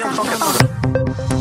上上上。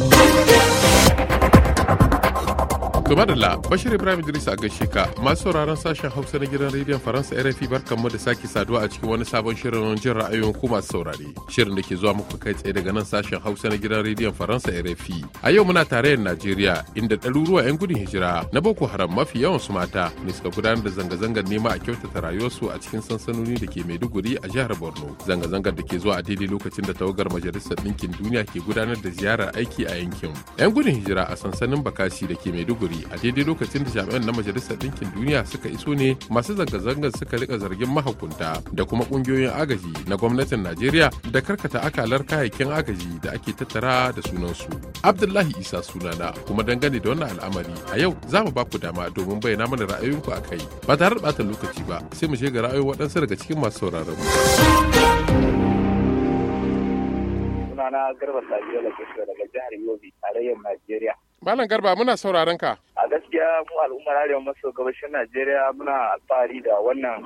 To madalla Bashir Ibrahim Idris a gaishe ka masu sauraron sashen Hausa na gidan rediyon Faransa RFI barkanmu da sake saduwa a cikin wani sabon shirin jin ra'ayoyin ku masu saurare. Shirin da ke zuwa muku kai tsaye daga nan sashen Hausa na gidan rediyon Faransa RFI. A yau muna tarayyar Najeriya inda ɗaruruwa 'yan gudun hijira na Boko Haram mafi yawan su mata ne suka gudanar da zanga-zangar nema a kyautata rayuwarsu a cikin sansanoni da ke Maiduguri a jihar Borno. Zanga-zangar da ke zuwa a daidai lokacin da tawagar Majalisar Ɗinkin Duniya ke gudanar da ziyarar aiki a yankin. 'Yan gudun hijira a sansanin Bakasi da ke Maiduguri a daidai lokacin da jami'an na majalisar ɗinkin duniya suka iso ne masu zanga-zangar suka rika zargin mahakunta da kuma ƙungiyoyin agaji na gwamnatin najeriya da karkata akalar kayayyakin agaji da ake tattara da sunansu abdullahi isa sunana kuma dangane da wannan al'amari a yau za mu ba ku dama domin bayyana mana ra'ayoyinku a kai ba tare da ɓata lokaci ba sai mu shiga ra'ayoyin waɗansu daga cikin masu sauraron mu. sunana Garba Sabiyo da daga jihar Yobe, tarayyar Najeriya. Malam Garba muna sauraron ka. a gaskiya mu al'ummar arewa maso gabashin najeriya muna alfahari da wannan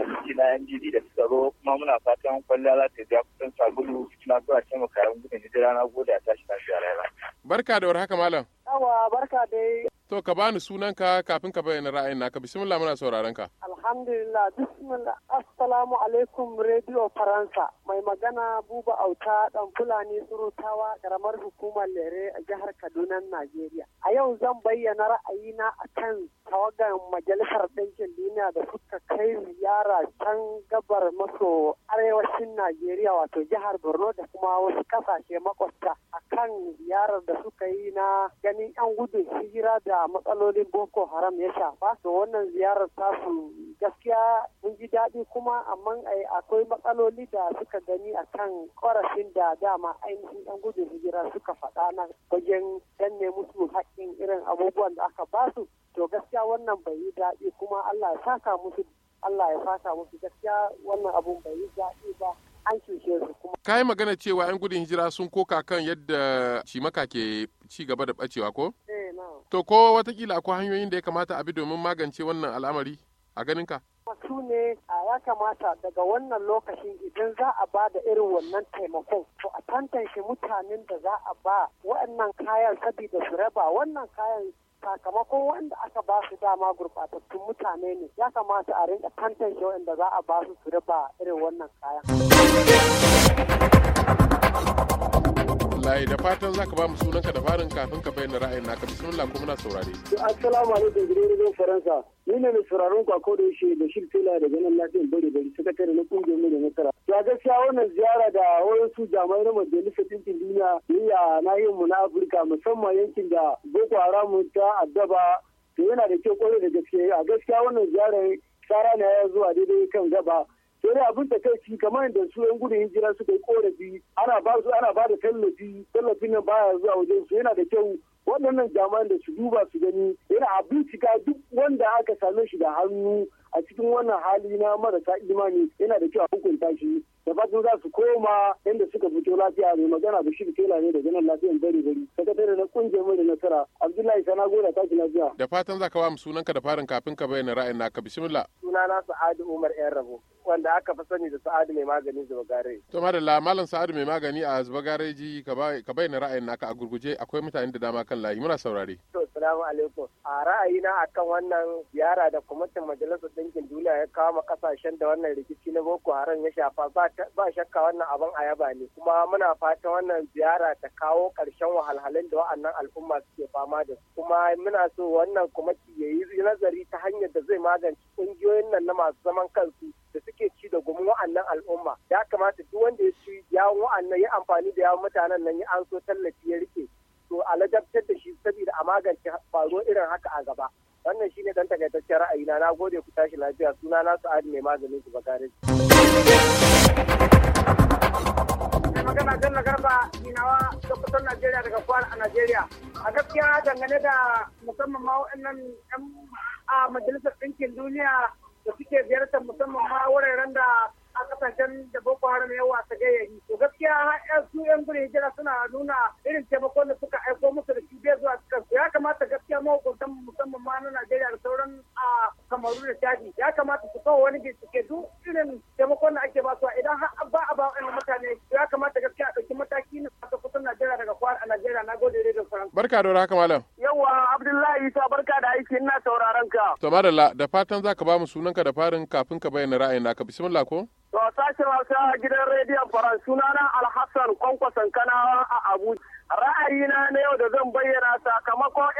lokaci na ndb da suka zo kuma muna fatan kwalliya za ta ja kusan sabulu na zuwa taimaka yan gudun hijira na gode a tashi tashi a barka da haka malam yawa barka dai To ka bani sunanka kafin ka bayyana ra'ayin naka. Bismillah muna sauraron ka. Alhamdulillah. Bismillah. Assalamu alaikum Radio Faransa. Mai magana Buba Auta dan Fulani Surutawa karamar hukumar Lere a jihar Kaduna, nigeria. A yau zan bayyana ra'ayina akan tawagan Majalisar Ɗinkin Duniya da suka kai ziyara can gabar maso arewacin nigeria wato jihar Borno da kuma wasu kasashe makwabta akan ziyarar da suka yi na ganin 'yan gudun hijira da A matsalolin boko haram ya shafa to wannan ziyarar tasu gaskiya mun ji daɗi kuma amma eh, akwai matsaloli da suka gani a kan ƙorafin da dama ainihin yan gudun hijira suka faɗa na wajen danne musu haƙƙin irin abubuwan da aka ba su to gaskiya wannan bai yi daɗi kuma allah ya saka musu allah ya saka musu gaskiya wannan abun bai yi daɗi ba an Ka yi magana cewa 'yan gudun hijira sun koka kan yadda cimaka ke ci gaba da bacewa ko? Eh, to ko watakila akwai hanyoyin da ya kamata a bi domin magance wannan al'amari a ganin ka? Su ne a ya kamata daga wannan lokacin idan za a ba da irin wannan taimakon to a tantance mutanen da za a ba waɗannan kayan sabida su raba wannan kayan sakamakon wanda aka ba su dama gurbatattun mutane ne ya kamata a rinka tantance wanda za a ba su su raba irin wannan kayan. da fatan za ka ba mu sunanka da farin kafin ka bayyana ra'ayin naka bismillah kuma na saurare. Assalamu alaikum gidan Faransa. Ni ne mai sauraron kwako da yake da shi tela daga nan lafiyan bari bari sakatare na kungiyar mu da nasara. ya gaskiya wannan ziyara da wasu jami'ai na majalisar ɗinkin duniya ya nahiyar mu na afirka musamman yankin da boko haram ta addaba to yana da kyau kwarai da gaske a gaskiya wannan ziyara tsara na ya zuwa daidai kan gaba sai dai abin takaici kamar yadda su yan gudun hijira suka yi korafi ana ba su ana ba da tallafi tallafin nan baya zuwa wajen su yana da kyau waɗannan jami'an da su duba su gani yana a bincika duk wanda aka same shi da hannu a cikin wannan hali na marasa imani yana da kyau a hukunta shi da fatan za su koma inda suka fito lafiya mai magana da shi fito ne da ganin lafiyan bari bari sakatare na kungiyar mai da nasara abdullahi sana ta tashi lafiya da fatan za ka ba mu sunanka da farin kafin ka bayyana ra'ayin naka bismillah sunana sa'adu umar yan rabo wanda aka fi sani da sa'adu mai magani zuba gare. to madalla malam sa'adu mai magani a zuba gareji ka bayyana ra'ayin naka a gurguje akwai mutane da dama kan layi muna saurare. to salamu alaikum a ra'ayina akan wannan ziyara da kwamitin majalisar ɗinkin duniya ya kawo ma kasashen da wannan rikici na boko haram ya shafa ba shakka wannan abin ayaba ne kuma muna fatan wannan ziyara ta kawo ƙarshen wahalhalun da wa'annan al'umma suke fama da su kuma muna so wannan kwamiti ya yi nazari ta hanyar da zai magance ƙungiyoyin nan na masu zaman kansu da gumin wa'annan al'umma ya kamata duk wanda ya ci yawon wa'annan ya amfani da yawon mutanen nan ya an so tallafi ya rike to a ladabtar da shi saboda a magance faruwar irin haka a gaba wannan shine dan takaitaccen ra'ayina na gode ku tashi lafiya suna na su'adi mai maganin su bakare magana Bello Garba Inawa da kusan Najeriya daga kwana a Najeriya. A gaskiya dangane da musamman ma waɗannan 'yan a Majalisar Ɗinkin Duniya da suke ziyartar musamman ma wuraren da a kasashen da boko haram yawa ta yi to gaskiya har su yan gudun hijira suna nuna irin taimakon da suka aiko musu da shi bai zuwa cikin ya kamata gaskiya mahukuntan musamman ma na najeriya da sauran a kamaru da shadi ya kamata su kawo wani bincike duk irin taimakon da ake ba su idan har ba a ba wa mutane ya kamata gaskiya a ɗauki mataki na kusan najeriya daga kwara a najeriya na gode da faransa barka da haka malam To Madalla da fatan za ka ba mu sunanka da farin kafin ka bayyana ra'ayin naka bismillah ko? To sashen Hausa gidan rediyon Faran sunana Alhassan kwankwason kanawa a Abuja. Ra'ayina na yau da zan bayyana sakamakon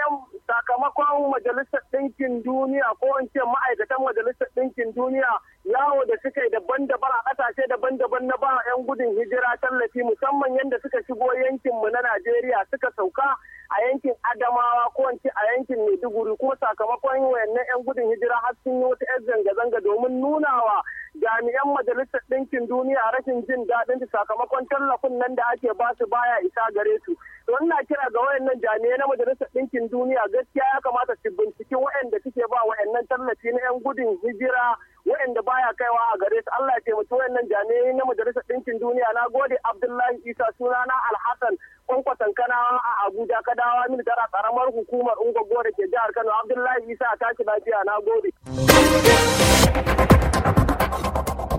sakamakon majalisar ɗinkin duniya ko in ce ma'aikatan majalisar ɗinkin duniya yawo da suka yi daban-daban a ƙasashe daban-daban na ba 'yan gudun hijira tallafi musamman yadda suka shigo yankinmu na Najeriya suka sauka a yankin adamawa ko a yankin maiduguri kuma sakamakon wayannan 'yan gudun hijira har sun yi wata 'yan zanga-zanga domin nunawa jami'an majalisar ɗinkin duniya rashin jin daɗin sakamakon tallafin nan da ake ba su baya isa gare su to ina kira ga wayannan jami'ai na majalisar ɗinkin duniya gaskiya ya kamata su binciki wayanda suke ba wayannan tallafi na 'yan gudun hijira wayanda baya kaiwa a gare su Allah ya taimaki wayannan jami'ai na majalisar ɗinkin duniya na gode Abdullahi Isa sunana Alhassan kankanawa a abuja ka dawo mil tara karamar hukumar ungwaggo da ke jihar kano abdullahi isa a tashi lafiya na gobe.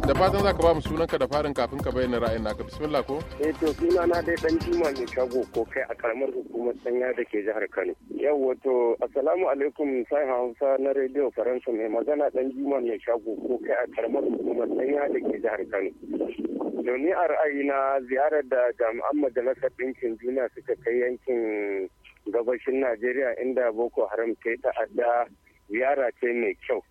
da fatan za ka ba mu sunanka da farin kafin ka bayyana ra'ayin naka bismillah ko eh to suna na dai dan juma ne shago ko kai a karamar hukumar sanya da ke jihar kano yau wato assalamu alaikum sai hausa na radio faransa mai magana dan juma ne shago ko kai a karamar hukumar sanya da ke jihar kano Domin a na ziyarar da jami'an majalisar ɗinkin duniya suka kai yankin gabashin Najeriya inda Boko Haram ta yi ta'adda ziyara ce mai kyau.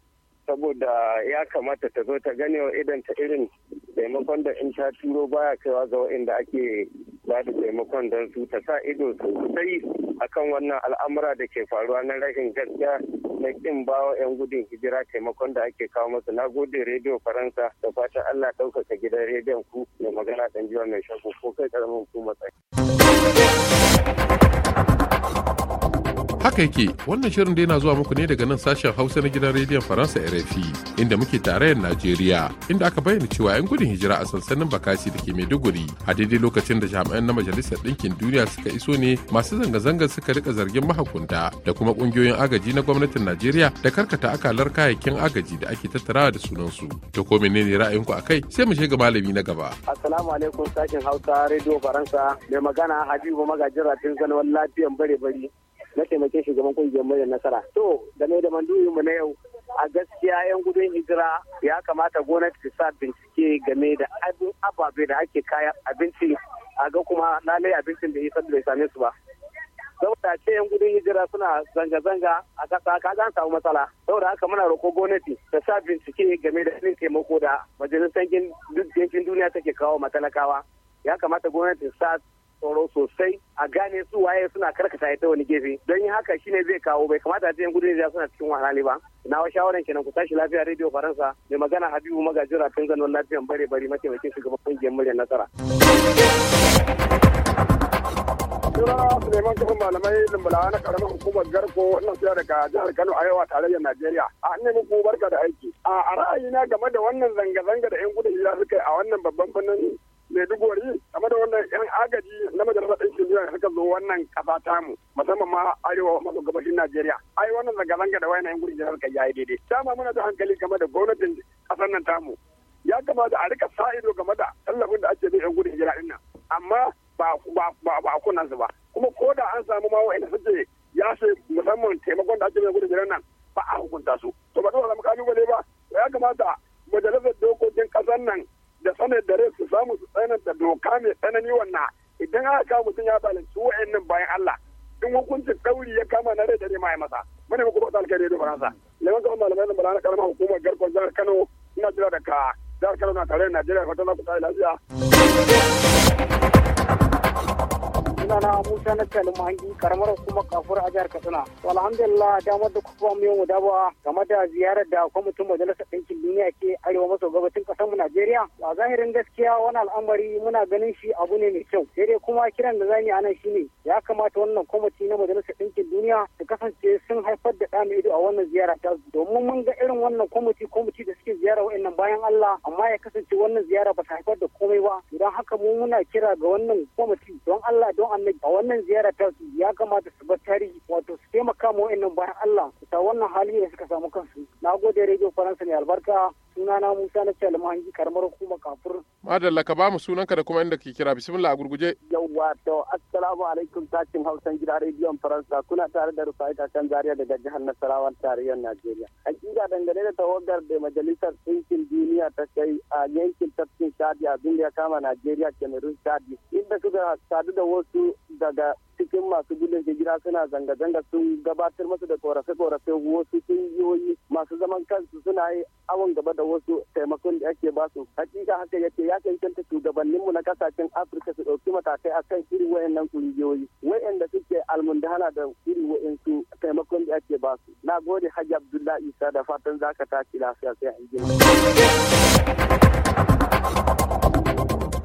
Saboda ya kamata ta zo ta gani wa idan ta irin taimakon da in ta turo baya kaiwa ga waɗanda ake ba da taimakon don su ta sa ido sosai akan wannan al'amura da ke faruwa na rashin gaskiya mai din bawa 'yan gudun hijira taimakon da ake kawo masa na gode rediyo faransa da fatan allah ɗaukaka gidan rediyon ku mai magana ɗan jiwa mai shago ko kai ƙaramin hukumar tsaki. haka yake wannan shirin dai na zuwa muku ne daga nan sashen hausa na gidan rediyon faransa rfi inda muke tarayyar najeriya inda aka bayyana cewa 'yan gudun hijira a sansanin bakasi da ke maiduguri a daidai lokacin da jami'an na majalisar ɗinkin duniya suka iso ne masu zanga-zangar suka rika zargin mahakunta da kuma ƙungiyoyin agaji na gwamnatin najeriya da karkata akalar kayayyakin agaji da ake tattarawa da sunansu to ko menene ra'ayinku akai sai mu shiga malami na gaba assalamu alaikum sashen hausa rediyo faransa mai magana habibu magajin rafin zanwan lafiyan bare bari na mataimakin shugaban kungiyar mai nasara to game da mu na yau a gaskiya yan gudun hijira ya kamata gwamnati ta sa bincike game da abin ababe da ake kaya abinci a ga kuma lalai abincin da isa bai same su ba saboda ce yan gudun hijira suna zanga-zanga a kasa ka an samu matsala saboda haka muna roko gwamnati ta sa bincike game da irin taimako da majalisar yankin duniya take kawo matalakawa ya kamata gwamnati ta sa tsoro sosai a gane su waye suna karkata ita wani gefe don yin haka shine zai kawo bai kamata a yan gudun suna cikin wahala ba na wa shawaran kenan ku tashi lafiya radio faransa mai magana habibu magajin rafin zanon lafiyan bare bare mataimakin shugaban kungiyar murya nasara. Suna Suleiman Kofin Malamai na karamin hukumar Garko ina siya daga jihar Kano a yawa tarayyar Najeriya. A ne muku barka da aiki. A ra'ayina game da wannan zanga-zanga da 'yan gudun hijira suka yi a wannan babban birnin wani game da wannan yan agaji na majalisar ɗinkin duniya suka zo wannan ƙasa tamu musamman ma arewa maso gabashin najeriya ai wannan zanga-zanga da yan gudun jihar kai yayi daidai dama muna da hankali game da gwamnatin ƙasar nan tamu ya kamata a rika sa ido game da tallafin da ake bi yan gudun hijira ɗin nan amma ba a kunan su ba kuma ko da an samu ma wa'anda suke ya ce musamman taimakon da ake bi yan gudun hijira nan ba a hukunta su to ba dole mu kalubale ba ya kamata da doka mai tsanani wannan idan aka kawo mutum ya balanci nan bayan Allah in hukuncin ɗauri ya kama na rai da ma ya masa muna muku fata alkhairi da faransa lewan zaman malamai da na karamar hukumar garkon jihar Kano ina jira da ka jihar Kano na tare da Najeriya fatan za ku tsaya lafiya. sunana Musa na Kalmahi karamar kuma kafur a jihar Katsina. Alhamdulillah damar da kuka mu yau da ba game da ziyarar da kwamitin majalisar ɗinkin duniya ke arewa maso gabacin ƙasar mu Najeriya. A zahirin gaskiya wani al'amari muna ganin shi abu ne mai kyau. Sai dai kuma kiran da zamu yi anan shine ya kamata wannan kwamiti na majalisar ɗinkin duniya su kasance sun haifar da ɗan ido a wannan ziyara ta domin mun ga irin wannan kwamiti kwamiti da suke ziyara wa'annan bayan Allah amma ya kasance wannan ziyara ba ta haifar da komai ba. Idan haka mu muna kira ga wannan kwamiti don don annabi a wannan ziyara ta ya kamata su bar tarihi wato su taimaka ma wa'annan bayan Allah su ta wannan hali da suka samu kansu na gode rediyo faransa ne albarka sunana Musa na Calma karamar hukumar kafur madalla ka ba mu sunanka da kuma inda ke kira bismillah a gurguje yawwa to assalamu alaikum takin hausan gida rediyon faransa kuna tare da rufai kan zariya daga jihar nasarawa tarayyar najeriya hakika dangane da tawagar da majalisar ɗinkin duniya ta kai a yankin tafkin shadi abin da ya kama najeriya cameroon shadi inda suka sadu da wasu daga cikin masu gudun hijira suna zanga-zanga sun gabatar masa da korafe-korafe wasu kungiyoyi masu zaman kansu suna yi awon gaba da wasu taimakon da ake basu hakika haka yake ya cancanta shugabanninmu na kasashen afirka su ɗauki matakai akan irin wayannan kungiyoyi wayanda suke almundana da irin wayansu taimakon da ake basu na gode hajji abdullahi isa da fatan zaka tashi lafiya sai an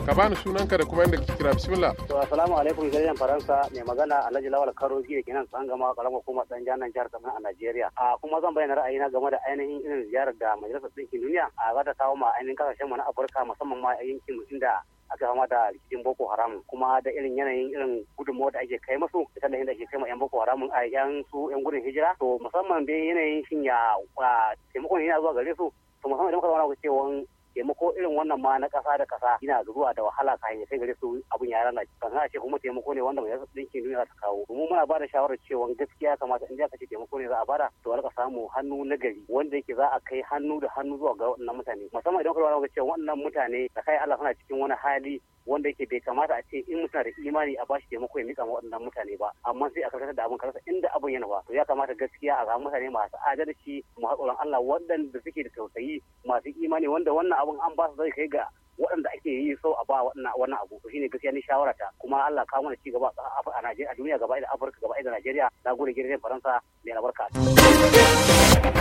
ka bani sunanka da kuma inda kike kira bismillah to assalamu alaikum gidan faransa mai magana alhaji lawal karoji da kenan san gama karamar hukuma dan jannan jihar kaduna a najeriya a kuma zan bayyana ra'ayina game da ainihin irin ziyarar da majalisar ɗinkin duniya a za ta kawo ma ainihin kasashen mu na afirka musamman ma yankin mu inda aka fama da rikicin boko haram kuma da irin yanayin irin gudunmawar da ake kai masu da tallafin da ake kai ma yan boko haram a yan su yan gudun hijira to musamman bai yanayin shin ya taimakon yana zuwa gare su to musamman idan muka zama cewa taimako irin wannan ma na kasa da kasa yana zuwa da wahala kayan sai gare su abun ya lalace ban a ce kuma taimako ne wanda majalisar ɗinkin duniya ta kawo mu muna ba da shawarar cewa gaskiya kamata in ka ce taimako ne za a bada to a samu hannu na gari wanda yake za a kai hannu da hannu zuwa ga waɗannan mutane musamman idan kuma ga cewa waɗannan mutane da kai Allah suna cikin wani hali wanda yake bai kamata a ce in mutane da imani a bashi taimako ya mika waɗannan mutane ba amma sai a karkatar da abin karasa inda abin yana ba to ya kamata gaskiya a samu mutane masu adalci masu tsoron Allah waɗanda suke da tausayi masu imani wanda wannan abin an ba su zai kai ga waɗanda ake yi so a ba wannan abu to shine gaskiya ni shawara ta kuma Allah ka mana ci gaba a Najeriya a duniya gaba da Afirka gaba da Najeriya na gode gidan Faransa mai albarka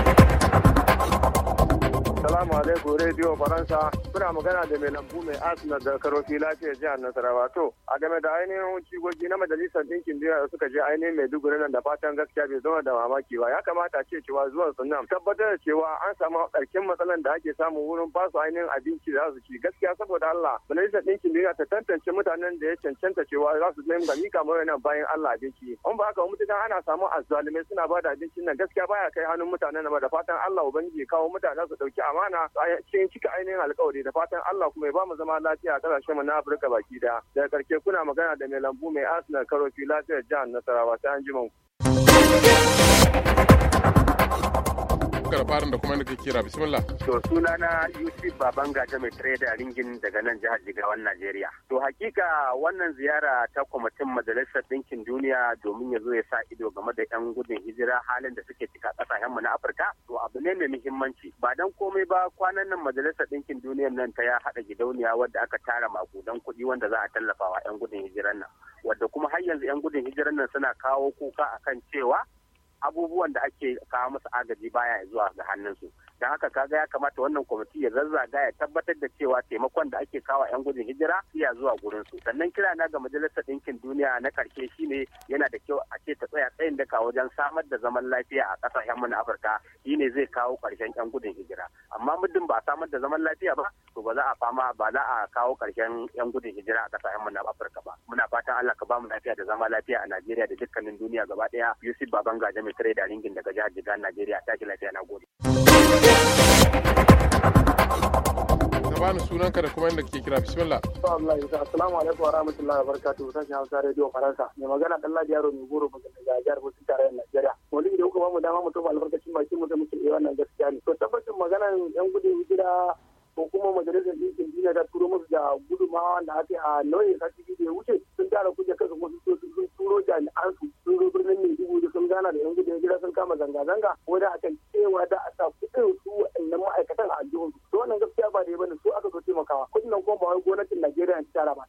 Assalamu alaikum Radio Faransa. suna magana da mai lambu mai Arsenal da Karofi Lafiya jihar Nasarawa. To, a game da ainihin cigogi na Majalisar Dinkin Duniya da suka je ainihin Maiduguri nan da fatan gaskiya bai zama da mamaki ba. Ya kamata ce cewa zuwan su nan tabbatar da cewa an samu ƙarkin matsalan da ake samu wurin ba su ainihin abinci da za su ci. Gaskiya saboda Allah, Majalisar Dinkin Duniya ta tantance mutanen da ya cancanta cewa za su nemi ga mika mai nan bayan Allah abinci. In ba haka mutum ana samu azzalumai suna ba da abincin nan gaskiya baya kai hannun mutanen nan ba da fatan Allah Ubangiji kawo mutane su ɗauki amana. amana cikin cika ainihin alkawari da fatan Allah kuma ya ba mu zama lafiya a kasashen mu na Afirka baki da Daga karshe kuna magana da mai lambu mai Arsenal Karofi lafiyar jihar Nasarawa ta anjiman ku. Abubakar farin da kuma nake kira bismillah. To sunana Yusuf gata mai trader ringin daga nan jihar Jigawan Najeriya. To hakika wannan ziyara ta kwamitin Majalisar Dinkin Duniya domin ya zo ya sa ido game da 'yan gudun hijira halin da suke cika mu na Afirka. To abu ne mai muhimmanci. Ba dan komai ba kwanan nan Majalisar Dinkin Duniya nan ta ya haɗa gidauniya wadda aka tara makudan kuɗi wanda za a tallafa wa 'yan gudun hijiran nan. Wadda kuma har yanzu 'yan gudun hijiran nan suna kawo kuka akan cewa abubuwan da ake kawo musu agaji baya zuwa ga hannunsu don haka kaga ya kamata wannan kwamiti ya zazzaga ya tabbatar da cewa taimakon da ake kawo 'yan gudun hijira iya zuwa gurin su sannan kira na ga majalisar ɗinkin duniya na karshe shine yana da kyau a ce ta tsaya tsayin daka wajen samar da zaman lafiya a ƙasashen mu na afirka shine zai kawo ƙarshen 'yan gudun hijira amma muddin ba a samar da zaman lafiya ba to ba za a fama ba za a kawo ƙarshen 'yan gudun hijira a ƙasashen mu na afirka ba muna fatan allah ka bamu lafiya da zaman lafiya a najeriya da dukkanin duniya gaba ɗaya yusuf mai tare da ringin daga jihar jigar najeriya tashi lafiya na gode. ka bani sunanka da kuma inda kake kira bismillah wallahi assalamu alaikum wa rahmatullahi wa barakatuhu sashi Hausa radio Faransa mai magana dan Ladi Yaro mai goro daga jihar Bauchi tarayyar Najeriya wani da kuka bamu dama mu tofa albarkacin bakin mu da muke yi eh, wannan gaskiya ne to tabbacin magana yan gudun hijira ko kuma majalisar ɗinkin duniya ta turo musu da gudunmawa da aka a nauyin sati biyu da ya wuce sun tara kuje kansu kuma sun sun turo jami'an su sun zo birnin Maiduguri sun gana da yan gudun hijira sun kama zanga-zanga wanda akan cewa da a kan su wa'annan ma'aikatan a jihun su wannan gaskiya ba da bane su aka zo taimakawa kudin nan kuma ba wai gwamnatin Najeriya ta tara ba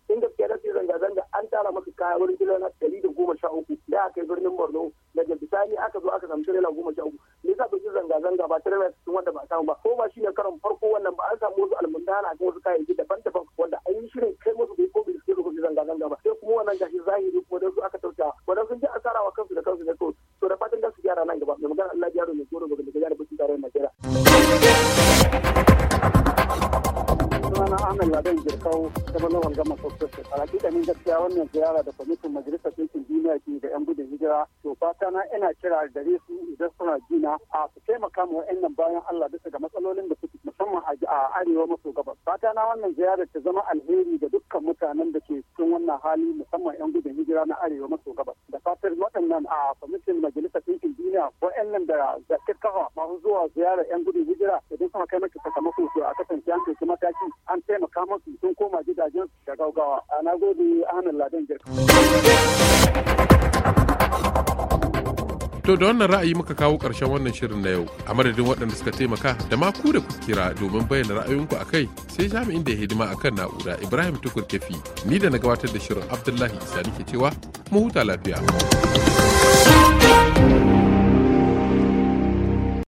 ladan jirkau ta balo gama sosai a ni gaskiya wannan ziyara da kwamitin majalisar ɗinkin duniya ke da yan gudun hijira to fata na ina kira gare su idan suna jina a su taimaka ma wa'annan bayan allah bisa ga matsalolin da su musamman a arewa maso gabas fata na wannan ziyarar ta zama alheri ga dukkan mutanen da ke cikin wannan hali musamman yan gudun hijira na arewa maso gabas da fatar waɗannan a kwamitin majalisar ɗinkin duniya ko waɗannan da da kakkafa masu zuwa ziyarar yan gudun hijira idan suka kai mata sakamako su a kasance an kai mataki an taimaka musu sun koma gidajen da gaugawa a nagode ahmed ladan girka To da wannan ra'ayi muka kawo ƙarshen wannan shirin na yau a madadin waɗanda suka taimaka da ma ku da kira domin bayyana ra'ayoyinku a kai sai jami'in da ya hidima a kan na'ura Ibrahim Tukur Kefi ni da na gabatar da shirin Abdullahi Isa nake cewa mu huta lafiya.